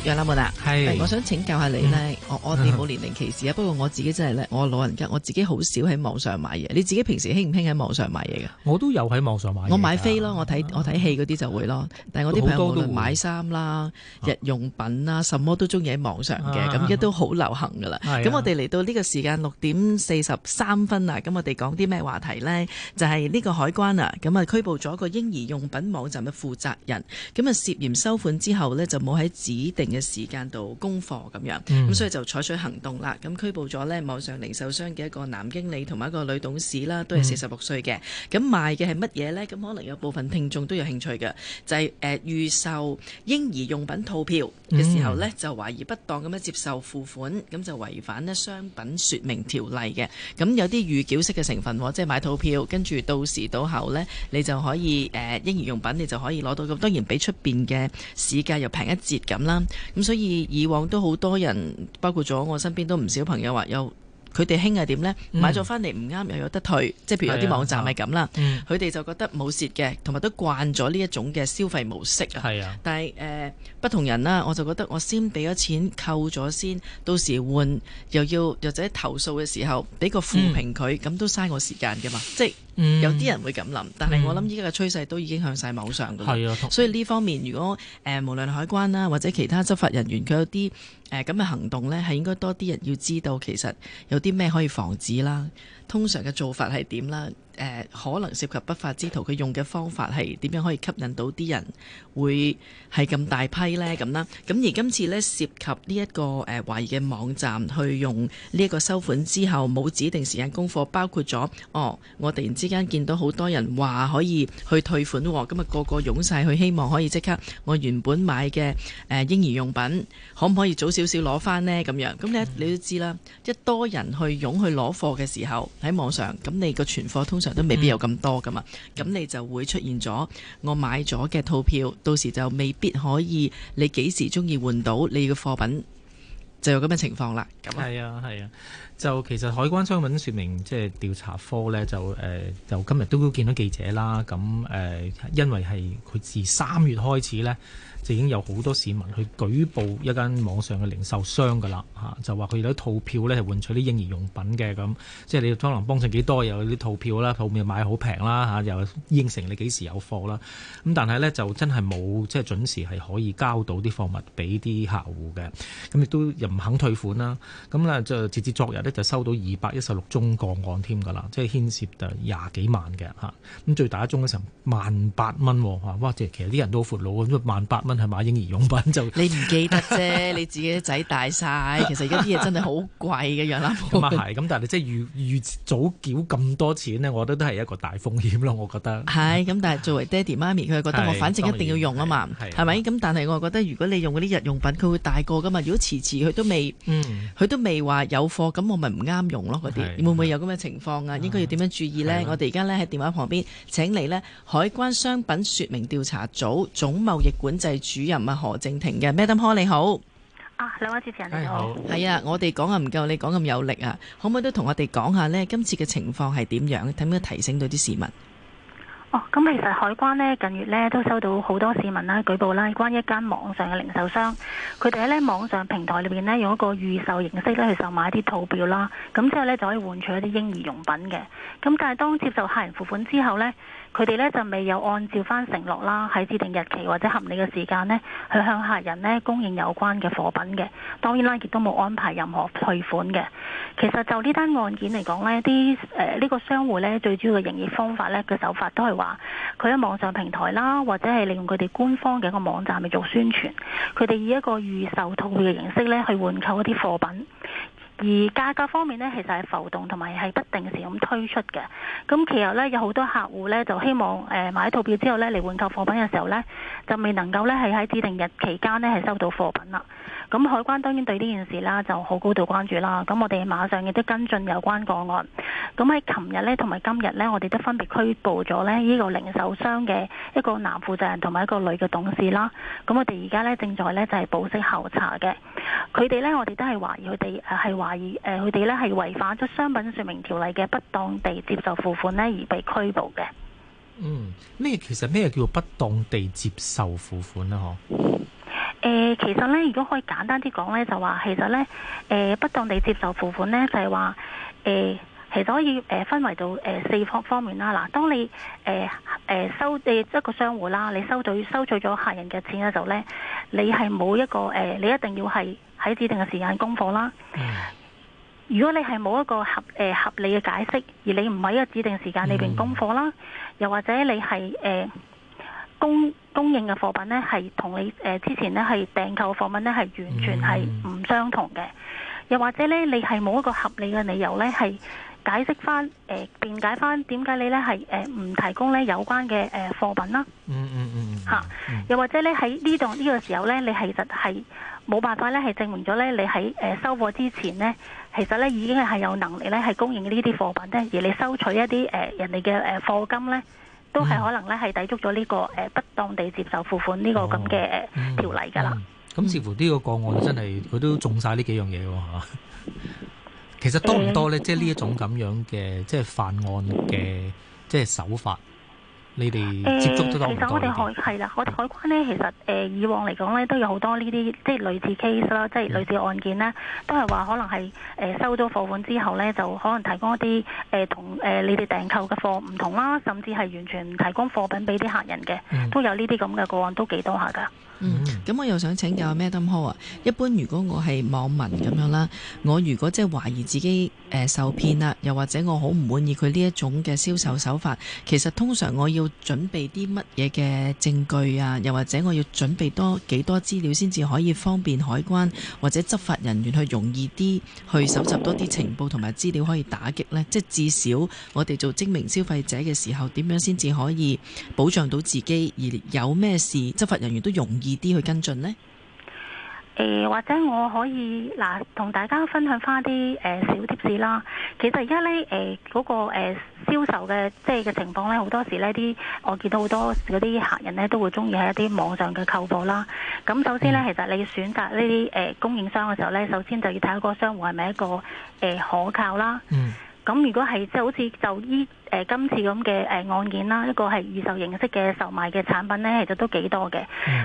係，是我想請教下你咧，我我哋冇年齡歧視啊， 不過我自己真係咧，我老人家我自己好少喺網上買嘢，你自己平時興唔興喺網上買嘢噶？我都有喺網上買，我買，我買飛咯，我睇我睇戲嗰啲就會咯，但係我啲朋友都會買衫啦、日用品啦，啊、什麼都中意喺網上嘅，咁亦都好流行噶啦。咁、啊、我哋嚟到呢個時間六點四十三分啊，咁我哋講啲咩話題咧？就係、是、呢個海關啊，咁啊拘捕咗個嬰兒用品網站嘅負責人，咁啊涉嫌收款之後咧，就冇喺指定嘅時間度供貨咁樣，咁所以就採取行動啦。咁拘捕咗呢網上零售商嘅一個男經理同埋一個女董事啦，都係四十六歲嘅。咁、嗯、賣嘅係乜嘢呢？咁可能有部分聽眾都有興趣嘅，就係、是、預、呃、預售嬰兒用品套票嘅時候呢，嗯、就懷疑不當咁樣接受付款，咁就違反呢商品說明條例嘅。咁有啲預繳式嘅成分，即係買套票，跟住到時到後呢，你就可以誒、呃、嬰兒用品，你就可以攞到咁，當然比出面嘅市價又平一截咁啦。咁、嗯、所以以往都好多人，包括咗我身邊都唔少朋友話有，佢哋興係點呢？買咗翻嚟唔啱，又有得退，嗯、即係譬如有啲網站係咁啦。佢哋、嗯、就覺得冇蝕嘅，同埋都慣咗呢一種嘅消費模式啊。嗯、但係、呃、不同人啦，我就覺得我先俾咗錢扣咗先，到時換又要又或者投訴嘅時候俾個負評佢，咁、嗯、都嘥我時間噶嘛，即 有啲人會咁諗，但係我諗依家嘅趨勢都已經向晒網上嘅，的所以呢方面如果誒、呃、無論海關啦或者其他執法人員，佢有啲誒咁嘅行動呢，係應該多啲人要知道，其實有啲咩可以防止啦，通常嘅做法係點啦？誒可能涉及不法之徒，佢用嘅方法係點樣可以吸引到啲人會係咁大批咧，咁啦？咁而今次咧涉及呢、這、一個誒、呃、懷疑嘅網站，去用呢一個收款之後冇指定時間供貨，包括咗哦，我突然之間見到好多人話可以去退款喎，哦，咁啊個個湧晒去希望可以即刻我原本買嘅誒嬰兒用品可唔可以早少少攞翻？咧？咁樣，咁咧你都知啦，一多人去湧去攞貨嘅時候喺網上，咁你個存貨通常都未必有咁多㗎嘛，咁你就會出現咗，我買咗嘅套票，到時就未必可以，你幾時鍾意換到你嘅貨品。就有咁嘅情況啦，咁啊，係啊係啊，就其實海關商品說明，即係調查科呢，就、呃、就今日都見到記者啦，咁、呃、因為係佢自三月開始呢，就已經有好多市民去舉報一間網上嘅零售商噶啦、啊，就話佢哋啲套票呢，係換取啲嬰兒用品嘅咁，即係你可能幫襯幾多有啲套票啦，套票買好平啦又應承你幾時有貨啦，咁、啊、但係呢，就真係冇即係準時係可以交到啲貨物俾啲客戶嘅，咁亦都有。唔肯退款啦，咁咧就直至昨日咧就收到二百一十六宗個案添噶啦，即係牽涉就廿幾萬嘅嚇。咁最大一宗嘅時候萬八蚊嚇，哇！即係其實啲人都好闊佬，咁萬八蚊係買嬰兒用品就你唔記得啫， 你自己啲仔大晒。其實而家啲嘢真係好貴嘅樣啦。咁啊係，咁、嗯、但係即係預預早繳咁多錢呢，我覺得都係一個大風險咯。我覺得係咁，但係作為爹哋媽咪，佢係覺得我反正一定要用啊嘛，係咪？咁吧但係我覺得如果你用嗰啲日用品，佢會大個噶嘛。如果遲遲去。都未，佢、嗯、都未話有貨，咁我咪唔啱用咯？嗰啲是會唔會有咁嘅情況啊？應該要點樣注意呢？啊啊、我哋而家咧喺電話旁邊，請嚟呢海關商品說明調查組總貿易管制主任啊何靜婷嘅 Madam，你好啊，兩位主持人你好，係啊，哎、我哋講啊唔夠你講咁有力啊，可唔可以都同我哋講下呢？今次嘅情況係點樣？睇下點樣提醒到啲市民。哦，咁其實海關咧近月咧都收到好多市民啦舉報啦，關一間網上嘅零售商，佢哋喺咧網上平台裏邊咧用一個預售形式咧去售賣一啲套票啦，咁之後咧就可以換取一啲嬰兒用品嘅。咁但係當接受客人付款之後咧，佢哋咧就未有按照翻承諾啦，喺指定日期或者合理嘅時間咧去向客人咧供應有關嘅貨品嘅。當然啦，亦都冇安排任何退款嘅。其實就呢單案件嚟講咧，啲誒呢個商戶咧最主要嘅營業方法咧嘅手法都係。話佢喺網上平台啦，或者係利用佢哋官方嘅一個網站嚟做宣傳，佢哋以一個預售套票嘅形式呢去換購一啲貨品，而價格方面呢，其實係浮動同埋係不定時咁推出嘅。咁其實呢，有好多客戶呢，就希望誒、呃、買套票之後呢嚟換購貨品嘅時候呢，就未能夠呢，係喺指定日期間呢，係收到貨品啦。咁海關當然對呢件事啦，就好高度關注啦。咁我哋馬上亦都跟進有關個案。咁喺琴日咧，同埋今日咧，我哋都分別拘捕咗咧呢個零售商嘅一個男負責人同埋一個女嘅董事啦。咁我哋而家咧正在咧就係保釋候查嘅。佢哋咧，我哋都係懷疑佢哋係懷疑誒，佢哋咧係違反咗商品說明條例嘅不當地接受付款咧而被拘捕嘅。嗯，咩其實咩叫不當地接受付款咧？嗬？誒、呃，其實咧，如果可以簡單啲講咧，就話其實咧，誒、呃，不當地接受付款咧，就係、是、話，誒、呃，其實可以，誒，分為到誒四方方面啦。嗱，當你，誒、呃，誒、呃，收誒一個商戶啦，你收取收取咗客人嘅錢嘅時候咧，你係冇一個，誒、呃，你一定要係喺指定嘅時間供貨啦。Mm. 如果你係冇一個合，誒、呃，合理嘅解釋，而你唔喺一個指定時間裏邊供貨啦，mm. 又或者你係，誒、呃。供供應嘅貨品呢，係同你誒之前呢係訂購貨品呢，係完全係唔相同嘅，又或者呢，你係冇一個合理嘅理由呢，係解釋翻誒、呃、辯解翻點解你呢係誒唔提供呢有關嘅誒貨品啦、嗯。嗯嗯嗯、啊、又或者呢，喺呢度呢個時候呢，你其實係冇辦法呢，係證明咗呢，你喺誒收貨之前呢，其實呢已經係有能力呢，係供應呢啲貨品呢，而你收取一啲人哋嘅誒貨金呢。嗯、都係可能咧，係抵觸咗呢個誒不當地接受付款呢個咁嘅條例㗎啦。咁、嗯嗯、似乎呢個個案真係佢都中晒呢幾樣嘢喎、啊、 其實多唔多咧、嗯？即係呢一種咁樣嘅即係犯案嘅即係手法。你哋接觸都多唔多？嗯、其實我哋海係啦，我哋海關咧，其實誒、呃、以往嚟講咧，都有好多呢啲即係類似 case 啦，即係類似案件咧，都係話可能係誒、呃、收咗貨款之後咧，就可能提供一啲誒同誒你哋訂購嘅貨唔同啦，甚至係完全唔提供貨品俾啲客人嘅，都有呢啲咁嘅個案，都幾多下噶。嗯，咁我又想請教阿 Madam Ho 啊。一般如果我係網民咁樣啦，我如果即係懷疑自己誒、呃、受騙啦，又或者我好唔滿意佢呢一種嘅銷售手法，其實通常我要準備啲乜嘢嘅證據啊？又或者我要準備多幾多資料先至可以方便海關或者執法人員去容易啲去蒐集多啲情報同埋資料，可以打擊咧？即係至少我哋做精明消費者嘅時候，點樣先至可以保障到自己？而有咩事執法人員都容易？易啲去跟進咧？誒、呃，或者我可以嗱，同大家分享翻啲誒小貼士啦。其實而家呢誒嗰個誒銷售嘅即係嘅情況呢，好、呃那個呃、多時候呢啲，我見到好多嗰啲客人呢都會中意喺一啲網上嘅購物啦。咁首先呢，嗯、其實你要選擇呢啲誒供應商嘅時候呢，首先就要睇嗰個商戶係咪一個誒、呃、可靠啦。嗯。咁如果係即係好似就依誒、呃、今次咁嘅誒案件啦，一個係預售形式嘅售賣嘅產品咧，其實都幾多嘅。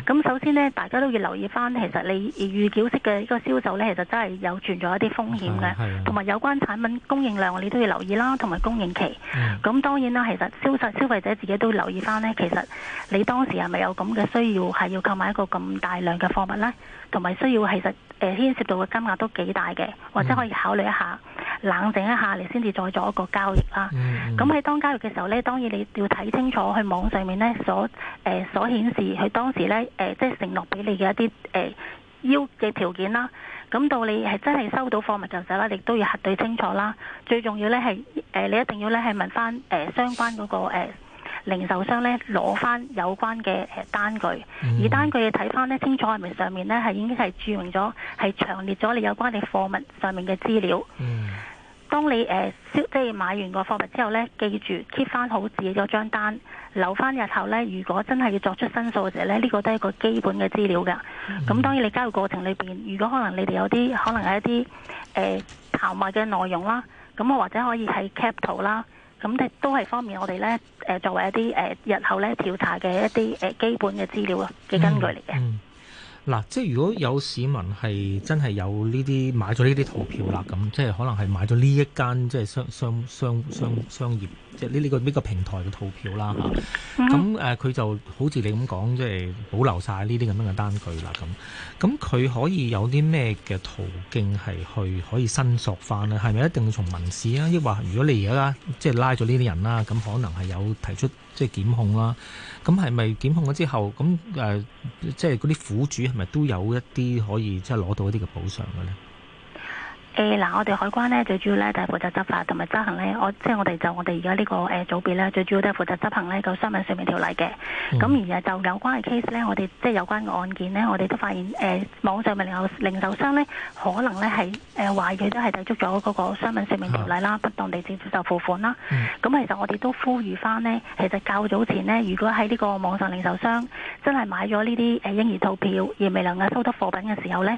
咁、嗯、首先咧，大家都要留意翻，其實你預繳式嘅一個銷售咧，其實真係有存在一啲風險嘅，同埋有，有關產品供應量，你都要留意啦，同埋供應期。咁、嗯、當然啦，其實消實消費者自己都要留意翻咧，其實你當時係咪有咁嘅需要係要購買一個咁大量嘅貨物咧，同埋需要其實誒、呃、牽涉到嘅金額都幾大嘅，或者可以考慮一下。嗯冷靜一下，你先至再做一個交易啦。咁喺、mm hmm. 當交易嘅時候呢，當然你要睇清楚，去網上面呢所誒、呃、所顯示佢當時呢誒即係承諾俾你嘅一啲誒要嘅條件啦。咁到你係真係收到貨物嘅時候咧，你都要核對清楚啦。最重要呢係誒你一定要呢係問翻誒、呃、相關嗰、那個、呃、零售商呢攞翻有關嘅誒、呃、單據，mm hmm. 而單據要睇翻呢清楚係咪上面呢係已經係注明咗係詳列咗你有關你貨物上面嘅資料。Mm hmm. 當你、呃、即係買完個貨物之後咧，記住 keep 翻好自己嗰張單，留翻日後咧，如果真係要作出申訴嘅時候咧，呢、呢個都係一個基本嘅資料嘅。咁、嗯、當然你交易過程裏面，如果可能你哋有啲可能係一啲誒談嘅內容啦，咁我或者可以睇 cap 圖啦，咁都係方便我哋咧、呃、作為一啲、呃、日後咧調查嘅一啲、呃、基本嘅資料嘅根據嚟嘅。嗯嗯。嗱，即係如果有市民係真係有呢啲買咗呢啲套票啦，咁即係可能係買咗呢一間即係商商商商商業即係呢呢個呢、呢個平台嘅套票啦吓，咁誒佢就好似你咁講即係保留晒呢啲咁樣嘅單據啦咁。咁佢可以有啲咩嘅途徑係去可以申索翻咧？係咪一定要從民事啊？抑或如果你而家即係拉咗呢啲人啦，咁可能係有提出即係檢控啦？咁係咪檢控咗之後咁誒、啊、即係嗰啲苦主？咪都有一啲可以即係攞到一啲嘅補償嘅咧。誒，嗱、欸，我哋海關咧最主要咧就係負責執法同埋執行咧，我即係我哋就我哋而家呢個誒組別咧，最主要都係負責執行呢個商品說明條例嘅。咁、嗯、而啊，就有關嘅 case 咧，我哋即係有關嘅案件呢，我哋都發現誒、呃，網上嘅零售商咧，可能咧係誒懷疑都係抵觸咗嗰個商品說明條例啦，啊、不當地接受付款啦。咁、嗯、其實我哋都呼籲翻呢，其實較早前呢，如果喺呢個網上零售商真係買咗呢啲誒嬰兒套票而未能夠收得貨品嘅時候呢。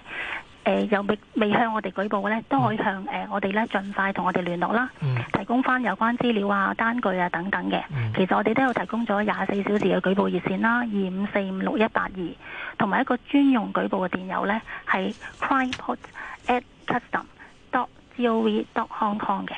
誒、呃、又未未向我哋舉報嘅咧，都可以向、呃、我哋咧盡快同我哋聯絡啦，提供返有關資料啊、單據啊等等嘅。其實我哋都有提供咗廿四小時嘅舉報熱線啦，二五四五六一八二，同埋一個專用舉報嘅電郵咧係 crimereport@customs.gov.hk 嘅。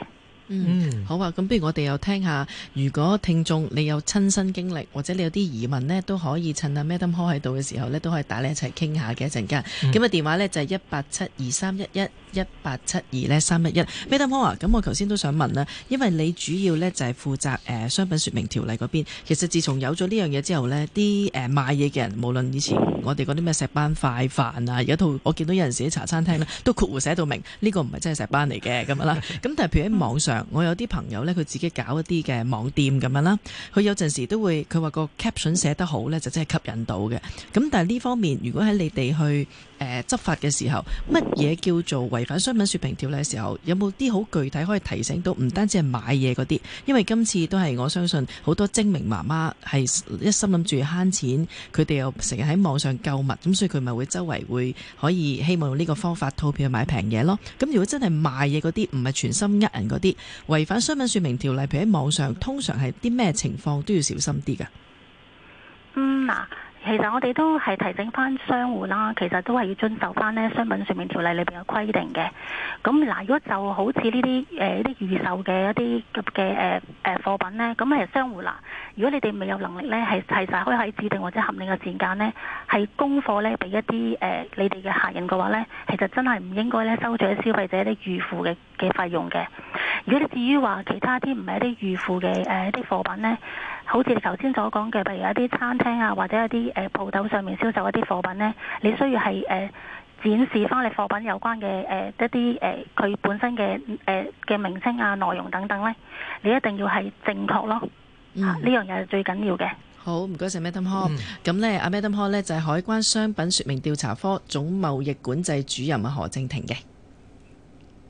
嗯，好啊，咁不如我哋又聽下，如果聽眾你有親身經歷，或者你有啲疑問呢，都可以趁阿 Madam Ho 喺度嘅時候呢，都可以打你一齊傾下嘅一陣間。咁啊、嗯、電話呢，就係一八七二三一一一八七二咧三一一 Madam Ho 啊，咁我頭先都想問啦，因為你主要呢，就係負責誒、呃、商品說明條例嗰邊。其實自從有咗呢樣嘢之後呢，啲誒賣嘢嘅人，無論以前我哋嗰啲咩石斑快飯啊，而家到我見到有陣時啲茶餐廳呢都括弧寫到明呢、呢個唔係真係石斑嚟嘅咁啦。咁但係譬如喺網上，嗯我有啲朋友呢，佢自己搞一啲嘅網店咁樣啦，佢有陣時都會，佢話個 caption 寫得好呢，就真係吸引到嘅。咁但係呢方面，如果喺你哋去，誒、呃、執法嘅時候，乜嘢叫做違反商品說明條例嘅時候？有冇啲好具體可以提醒到？唔單止係買嘢嗰啲，因為今次都係我相信好多精明媽媽係一心諗住慳錢，佢哋又成日喺網上購物，咁所以佢咪會周圍會可以希望用呢個方法套票買平嘢咯。咁如果真係賣嘢嗰啲，唔係全心呃人嗰啲，違反商品說明條例，譬如喺網上，通常係啲咩情況都要小心啲㗎？嗯，其實我哋都係提醒翻商戶啦，其實都係要遵守翻呢商品說明條例裏面嘅規定嘅。咁嗱，如果就好似呢啲誒啲預售嘅一啲嘅誒貨品呢，咁係商戶嗱，如果你哋未有能力呢，係係曬可以喺指定或者合理嘅時間呢，係供貨呢俾一啲誒、呃、你哋嘅客人嘅話呢，其實真係唔應該呢收取消費者啲預付嘅。嘅費用嘅，如果你至於話其他啲唔係一啲預付嘅一啲貨品呢，好似你頭先所講嘅，譬如一啲餐廳啊，或者一啲誒鋪頭上面銷售一啲貨品呢，你需要係誒、呃、展示翻你貨品有關嘅誒、呃、一啲誒佢本身嘅誒嘅名稱啊、內容等等呢，你一定要係正確咯，呢樣嘢係最緊要嘅。好唔該曬 Madam Ho，咁咧阿 Madam Ho 咧就係、是、海關商品説明調查科總貿易管制主任何靜婷嘅。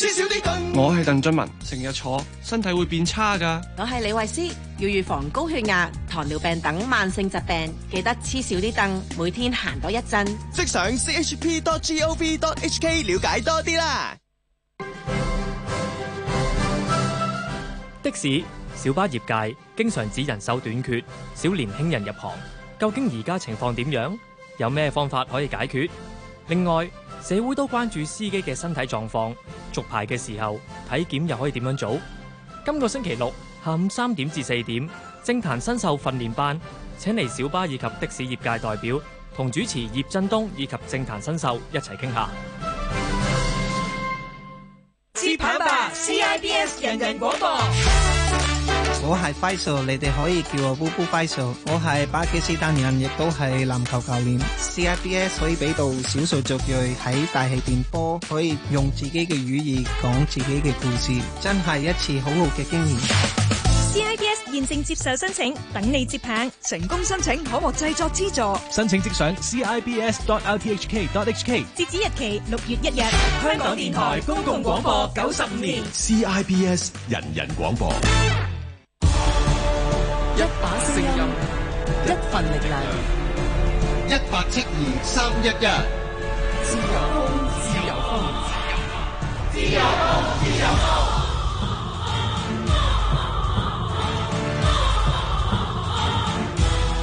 黐少啲凳，我係鄧俊文，成日坐，身體會變差㗎。我係李慧詩，要預防高血壓、糖尿病等慢性疾病，記得黐少啲凳，每天行多一陣。即上 CHP.gov.hk 了解多啲啦。的士、小巴業界經常指人手短缺，少年輕人入行。究竟而家情況點樣？有咩方法可以解決？另外。社會都關注司機嘅身體狀況，續牌嘅時候體檢又可以點樣做？今個星期六下午三點至四點，政壇新秀訓練班，請嚟小巴以及的士業界代表同主持葉振東以及政壇新秀一齊傾下。接棒吧，CIBS 人人廣播。我係 Faisal，你哋可以叫我姑姑 Faisal。我係巴基斯坦人，亦都係籃球教練。CIBS 可以俾到少數族裔喺大氣電波，可以用自己嘅語言講自己嘅故事，真係一次好好嘅經驗。CIBS 現正接受申請，等你接棒，成功申請可獲製作資助。申請即上 CIBS dot rthk dot hk，截止日期六月一日。香港電台公共廣播九十五年，CIBS 人人廣播。一把聲音，聲音一份力量，一八七二三一一。自由風，自由風，自由風，自由風，自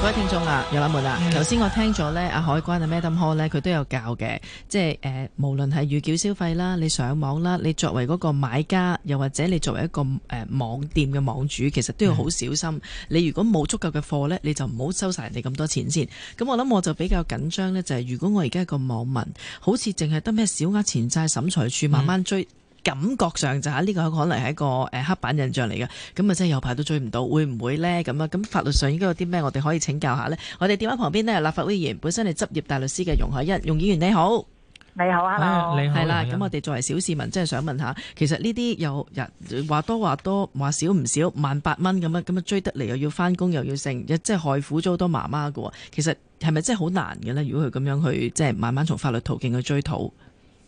各位聽眾啊，有冇啊？頭先我聽咗咧，阿海關啊，Madam Ho 咧，佢都有教嘅，即係誒、呃，無論係預繳消費啦，你上網啦，你作為嗰個買家，又或者你作為一個誒、呃、網店嘅網主，其實都要好小心。嗯、你如果冇足夠嘅貨咧，你就唔好收晒人哋咁多錢先。咁我諗我就比較緊張咧，就係、是、如果我而家一個網民，好似淨係得咩小額錢債審裁處慢慢追。嗯感覺上就吓呢個可能係一個黑板印象嚟嘅，咁啊真係有排都追唔到，會唔會呢？咁啊，咁法律上應該有啲咩我哋可以請教下呢？我哋電話旁邊呢，立法會議員，本身係執業大律師嘅容海恩，容議員你好，你好啊，你好，係啦。咁好我哋作為小市民，真係想問下，其實呢啲又人話多話多話少唔少萬八蚊咁樣，咁啊追得嚟又要返工又要剩，即係害苦咗好多媽媽喎。其實係咪真係好難嘅呢？如果佢咁樣去即係慢慢從法律途徑去追討？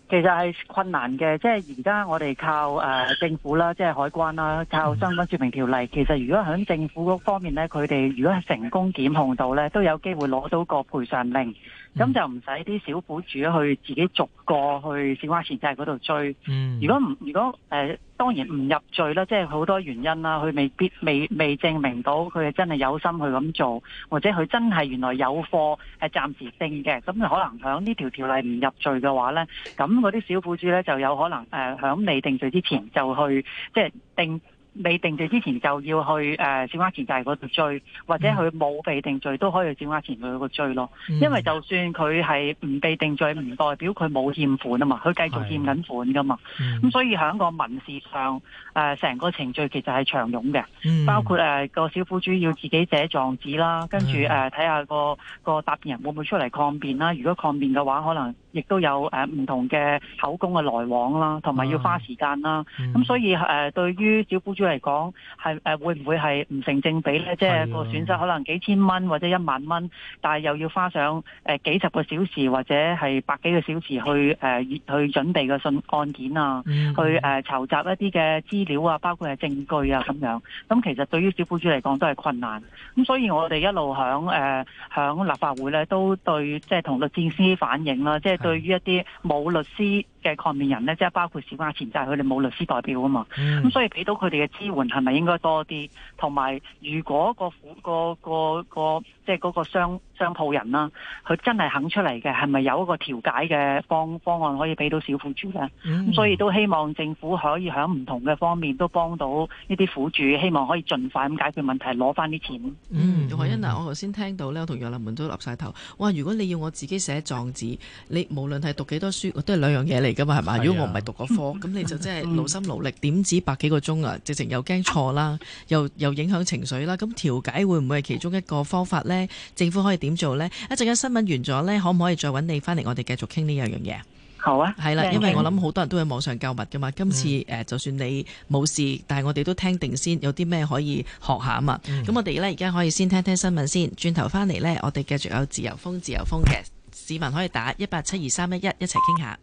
其實係困難嘅，即係而家我哋靠誒、呃、政府啦，即係海關啦，靠商品說明條例。嗯、其實如果響政府嗰方面咧，佢哋如果係成功檢控到咧，都有機會攞到個賠償令，咁、嗯、就唔使啲小股主去自己逐個去小額錢債嗰度追。嗯，如，如果唔如果誒。呃當然唔入罪啦，即係好多原因啦，佢未必未未證明到佢係真係有心去咁做，或者佢真係原來有貨係暫時定嘅，咁可能響呢條條例唔入罪嘅話呢，咁嗰啲小股主呢，就有可能誒響未定罪之前就去即係、就是、定。未定罪之前就要去誒、呃、小額錢債嗰度追，或者佢冇被定罪都可以去小額錢債嗰度追咯。嗯、因為就算佢係唔被定罪，唔代表佢冇欠款啊嘛，佢繼續欠緊款噶嘛。咁、嗯嗯、所以響個民事上誒成、呃、個程序其實係長冗嘅，包括誒個、呃、小苦主要自己寫狀紙啦，跟住誒睇下個、嗰個答辯人會唔會出嚟抗辯啦。如果抗辯嘅話可能亦都有誒唔、呃、同嘅口供嘅來往啦，同埋要花時間啦。咁所以誒對於小苦主嚟講係誒會唔會係唔成正比咧？即係個損失可能幾千蚊或者一萬蚊，但係又要花上誒幾十個小時或者係百幾個小時去誒、呃、去準備個信案件啊，去誒籌、呃、集一啲嘅資料啊，包括係證據啊咁樣。咁、嗯嗯、其實對於小雇主嚟講都係困難。咁所以我哋一路響誒響立法會咧，都對即係同律政司反映啦，即、就、係、是、對於一啲冇律師。嘅抗辯人咧，即係包括小額錢債係佢哋冇律師代表啊嘛，咁所以俾到佢哋嘅支援係咪應該多啲？同埋如果個個個個即係嗰個商商鋪人啦，佢真係肯出嚟嘅，係咪有一個調解嘅方方案可以俾到小苦主嘅？Mm hmm. 所以都希望政府可以喺唔同嘅方面都幫到呢啲苦主，希望可以盡快咁解決問題，攞翻啲錢。嗯，海恩嗱，我頭先聽到呢，我同楊立門都立晒頭。哇！如果你要我自己寫狀紙，你無論係讀幾多書，都係兩樣嘢嚟㗎嘛，係嘛？是啊、如果我唔係讀個科，咁 你就真係勞心勞力，點止百幾個鐘啊，直情又驚錯啦， 又又影響情緒啦。咁調解會唔會係其中一個方法呢？政府可以點做呢？一陣間新聞完咗呢，可唔可以再揾你翻嚟？我哋繼續傾呢樣樣嘢。好啊，係啦，因為我諗好多人都喺網上購物噶嘛。今次誒、嗯呃，就算你冇事，但係我哋都聽定先，有啲咩可以學下啊嘛。咁、嗯、我哋呢，而家可以先聽聽新聞先，轉頭翻嚟呢，我哋繼續有自由風、自由風嘅市民可以打 2, 3, 1, 一八七二三一一一齊傾下。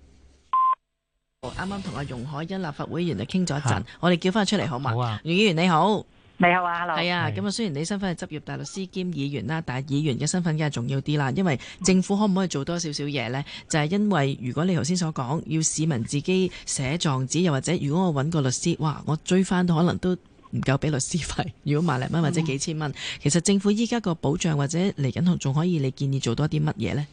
啱啱同阿容海恩立法會議員嚟傾咗一陣，的我哋叫翻佢出嚟好嘛？容、啊、議員你好。係啊，咁啊，雖然你身份係執業大律師兼議員啦，但係議員嘅身份梗係重要啲啦。因為政府可唔可以做多少少嘢呢？就係、是、因為如果你頭先所講，要市民自己寫狀紙，又或者如果我揾個律師，哇，我追翻都可能都唔夠俾律師費，如果萬零蚊或者幾千蚊。嗯、其實政府依家個保障或者嚟緊仲可以，你建議做多啲乜嘢呢？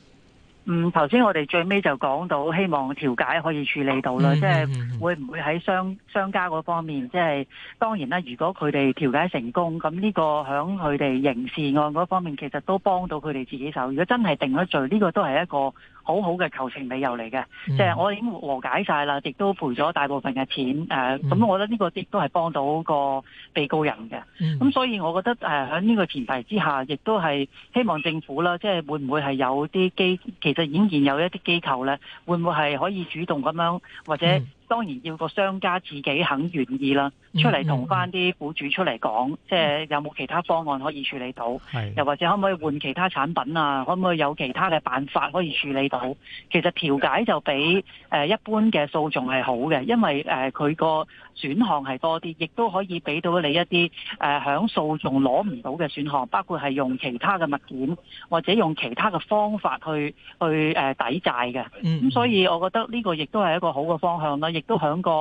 嗯，頭先我哋最尾就講到，希望調解可以處理到啦，即係會唔會喺商商家嗰方面，即係當然啦。如果佢哋調解成功，咁呢個響佢哋刑事案嗰方面，其實都幫到佢哋自己手。如果真係定咗罪，呢個都係一個。好好嘅求情理由嚟嘅，即係、嗯、我已經和解晒啦，亦都賠咗大部分嘅錢。誒、呃、咁、嗯嗯、我覺得呢個亦都係幫到個被告人嘅。咁、嗯嗯、所以我覺得誒，喺呢個前提之下，亦都係希望政府啦，即、就、係、是、會唔會係有啲機？其實仍然有一啲機構咧，會唔會係可以主動咁樣或者、嗯？當然要個商家自己肯願意啦，出嚟同翻啲苦主出嚟講，即係有冇其他方案可以處理到，的又或者可唔可以換其他產品啊？可唔可以有其他嘅辦法可以處理到？其實調解就比的、呃、一般嘅訴訟係好嘅，因為佢個，呃選項係多啲，亦都可以俾到你一啲誒喺訴訟攞唔到嘅選項，包括係用其他嘅物件或者用其他嘅方法去去誒、呃、抵債嘅。咁、嗯、所以，我覺得呢個亦都係一個好嘅方向啦。亦都喺、個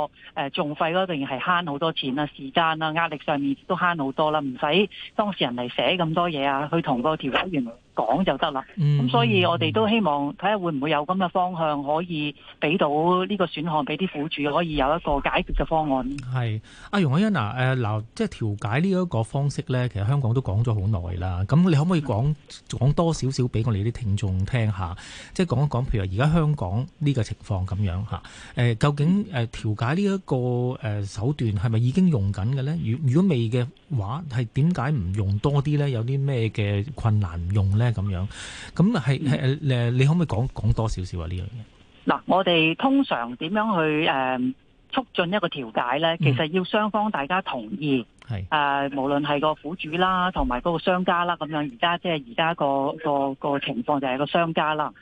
誒仲、呃、費嗰度係慳好多錢啊、時間啊、壓力上面都慳好多啦、啊，唔使當事人嚟寫咁多嘢啊，去同個調解員。講就得啦，咁、嗯、所以我哋都希望睇下會唔會有咁嘅方向可以俾到呢個選項給，俾啲苦主可以有一個解決嘅方案。係啊，容海恩嗱，誒、呃、嗱，即係調解呢一個方式咧，其實香港都講咗好耐啦。咁你可唔可以講講、嗯、多少少俾我哋啲聽眾聽下？即係講一講，譬如話而家香港呢個情況咁樣嚇誒、呃，究竟誒、呃、調解呢、這、一個誒、呃、手段係咪已經用緊嘅咧？如如果未嘅話，係點解唔用多啲咧？有啲咩嘅困難唔用呢？咧咁樣，咁係係誒，你可唔可以講講多少少啊？呢樣嘢嗱，我哋通常點樣去誒促進一個調解咧？其實要雙方大家同意，係誒，無論係個苦主啦，同埋個商家啦，咁樣而家即係而家個個個情況就係個商家啦。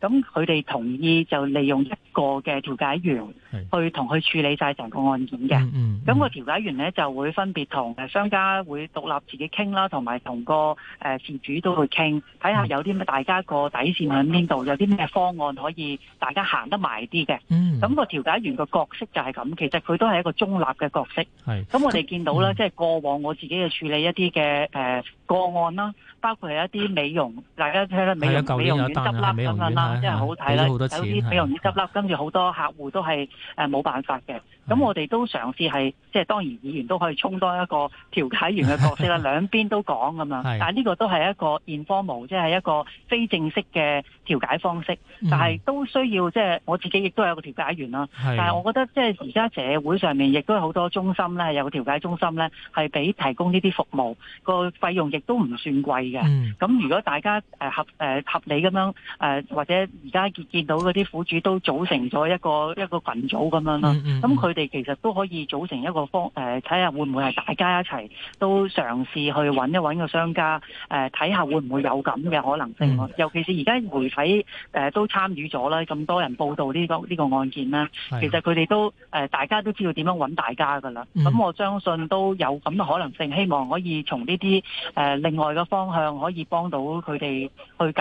咁佢哋同意就利用一個嘅調解員去同佢處理晒成個案件嘅，咁、嗯嗯、個調解員咧就會分別同誒商家會獨立自己傾啦，同埋同個誒事主都會傾，睇下有啲咩大家個底線喺邊度，有啲咩方案可以大家行得埋啲嘅。咁、嗯、個調解員個角色就係咁，其實佢都係一個中立嘅角色。係是，咁我哋見到咧，嗯、即係過往我自己嘅處理一啲嘅誒個案啦，包括係一啲美容，大家聽咧美容的美容院執笠咁樣啦，即係好睇啦，有啲美容院執笠跟。要好多客戶都係誒冇辦法嘅。咁我哋都嘗試係，即係當然，議員都可以充當一個調解員嘅角色啦， 兩邊都講咁啊。 但呢個都係一個 informal，即係一個非正式嘅調解方式。嗯、但係都需要即係我自己亦都有個調解員啦、啊。的但係我覺得即係而家社會上面亦都有好多中心咧，有個調解中心咧，係俾提供呢啲服務，個費用亦都唔算貴嘅。咁、嗯、如果大家、呃、合、呃、合理咁樣、呃、或者而家見到嗰啲苦主都組成咗一個一個群組咁樣啦、啊，咁佢、嗯。嗯哋其實都可以組成一個方誒，睇、呃、下會唔會係大家一齊都嘗試去揾一揾個商家誒，睇、呃、下會唔會有咁嘅可能性。嗯、尤其是而家媒體誒、呃、都參與咗啦，咁多人報道呢個呢個案件啦，其實佢哋都誒、呃、大家都知道點樣揾大家㗎啦。咁我相信都有咁嘅可能性，希望可以從呢啲誒另外嘅方向可以幫到佢哋去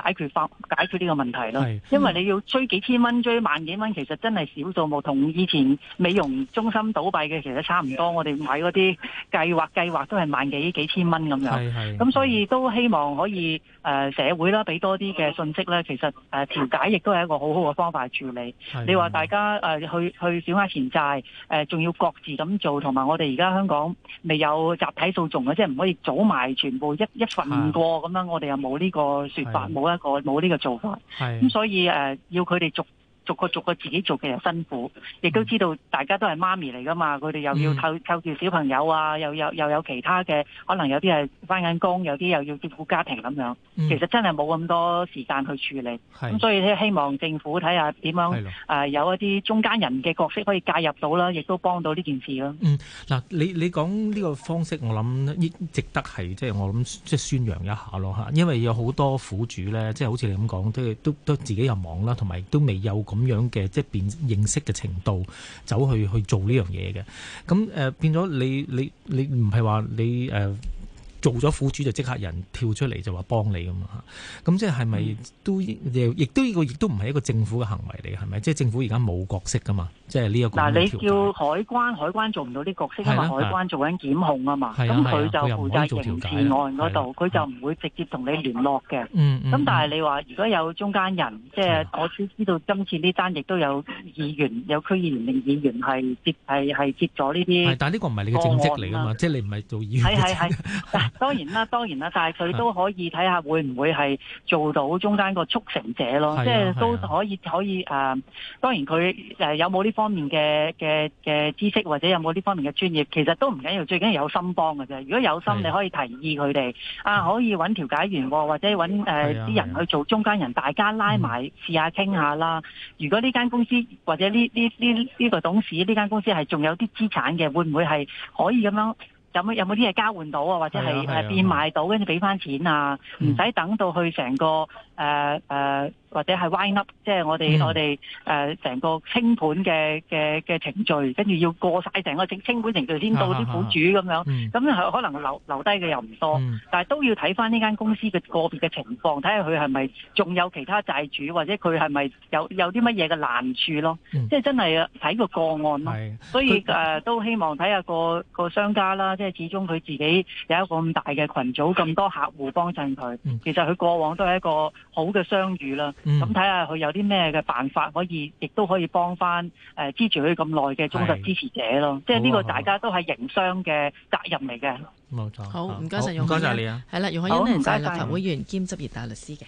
解決解決呢個問題啦。嗯、因為你要追幾千蚊，追萬幾蚊，其實真係小數目，同以前美容。中心倒閉嘅其實差唔多，我哋買嗰啲計劃計劃都係萬幾幾千蚊咁樣，咁是是 所以都希望可以誒、呃、社會啦，俾多啲嘅信息咧。其實誒調、呃、解亦都係一個好好嘅方法嚟處理。是的 你話大家誒、呃、去去小額錢債誒，仲、呃、要各自咁做，同埋我哋而家香港未有集體訴訟嘅，即係唔可以組埋全部一一份過咁是的 樣，我哋又冇呢個說法，冇是的 一個冇呢個做法。咁是的 所以誒、呃、要佢哋逐。逐個逐個自己做嘅又辛苦，亦都知道大家都係媽咪嚟㗎嘛，佢哋又要靠靠住小朋友啊，嗯、又有又有其他嘅可能有啲係翻緊工，有啲又要照顧家庭咁樣。嗯、其實真係冇咁多時間去處理，咁是、嗯、所以希望政府睇下點樣啊的、呃，有一啲中間人嘅角色可以介入到啦，亦都幫到呢件事咯。嗯，嗱，你你講呢個方式，我諗值得係即係我諗即係宣揚一下咯嚇，因為有多、就是、好多苦主咧，即係好似你咁講，都都都自己又忙啦，同埋都未有過。咁樣嘅即係變認識嘅程度走去去做呢樣嘢嘅咁誒變咗你你你唔係話你誒。呃做咗苦主就即刻人跳出嚟就話幫你咁嘛。咁即係咪都亦亦都個亦都唔係一個政府嘅行為嚟？係咪？即係政府而家冇角色噶嘛？即係呢一個。嗱，你叫海關，海關做唔到呢角色，因為海關做緊檢控啊嘛。咁佢就負責刑事案嗰度，佢就唔會直接同你聯絡嘅。咁但係你話如果有中間人，即係我都知道今次呢單，亦都有議員、有區議員、連議員係接係係接咗呢啲。但係呢個唔係你嘅政績嚟㗎嘛？即係你唔係做議員。當然啦，當然啦，但係佢都可以睇下會唔會係做到中間個促成者咯，即係、啊、都可以可以誒、呃。當然佢誒、呃、有冇呢方面嘅嘅嘅知識或者有冇呢方面嘅專業，其實都唔緊要，最緊要有心幫㗎啫。如果有心，啊、你可以提議佢哋啊，可以搵調解員或者搵啲、呃啊、人去做中間人，大家拉埋試、嗯、下傾下啦。如果呢間公司或者呢呢呢呢個董事呢間公司係仲有啲資產嘅，會唔會係可以咁樣？有冇有冇啲嘢交換到啊？或者係誒變賣到，跟住俾翻錢啊？唔使等到去成個誒誒。呃呃或者係 wind up，即係我哋我哋誒成個清盤嘅嘅嘅程序，跟住要過晒成個清清盤程序先到啲苦、啊啊、主咁樣，咁、嗯、可能留留低嘅又唔多，嗯、但係都要睇翻呢間公司嘅個別嘅情況，睇下佢係咪仲有其他債主，或者佢係咪有有啲乜嘢嘅難處咯？嗯、即係真係睇個個案咯。是所以誒他、呃、都希望睇下個個商家啦，即係始終佢自己有一個咁大嘅群組，咁是多客戶幫襯佢，嗯、其實佢過往都係一個好嘅商譽啦。咁睇下佢有啲咩嘅辦法可以，亦都可以幫翻誒支持佢咁耐嘅忠實支持者咯。是即係呢個大家都係營商嘅責任嚟嘅。冇錯、啊。好、啊，唔該晒。容海恩。唔該曬你啊。係啦，容海恩咧就係立法會議員兼執業大律師嘅。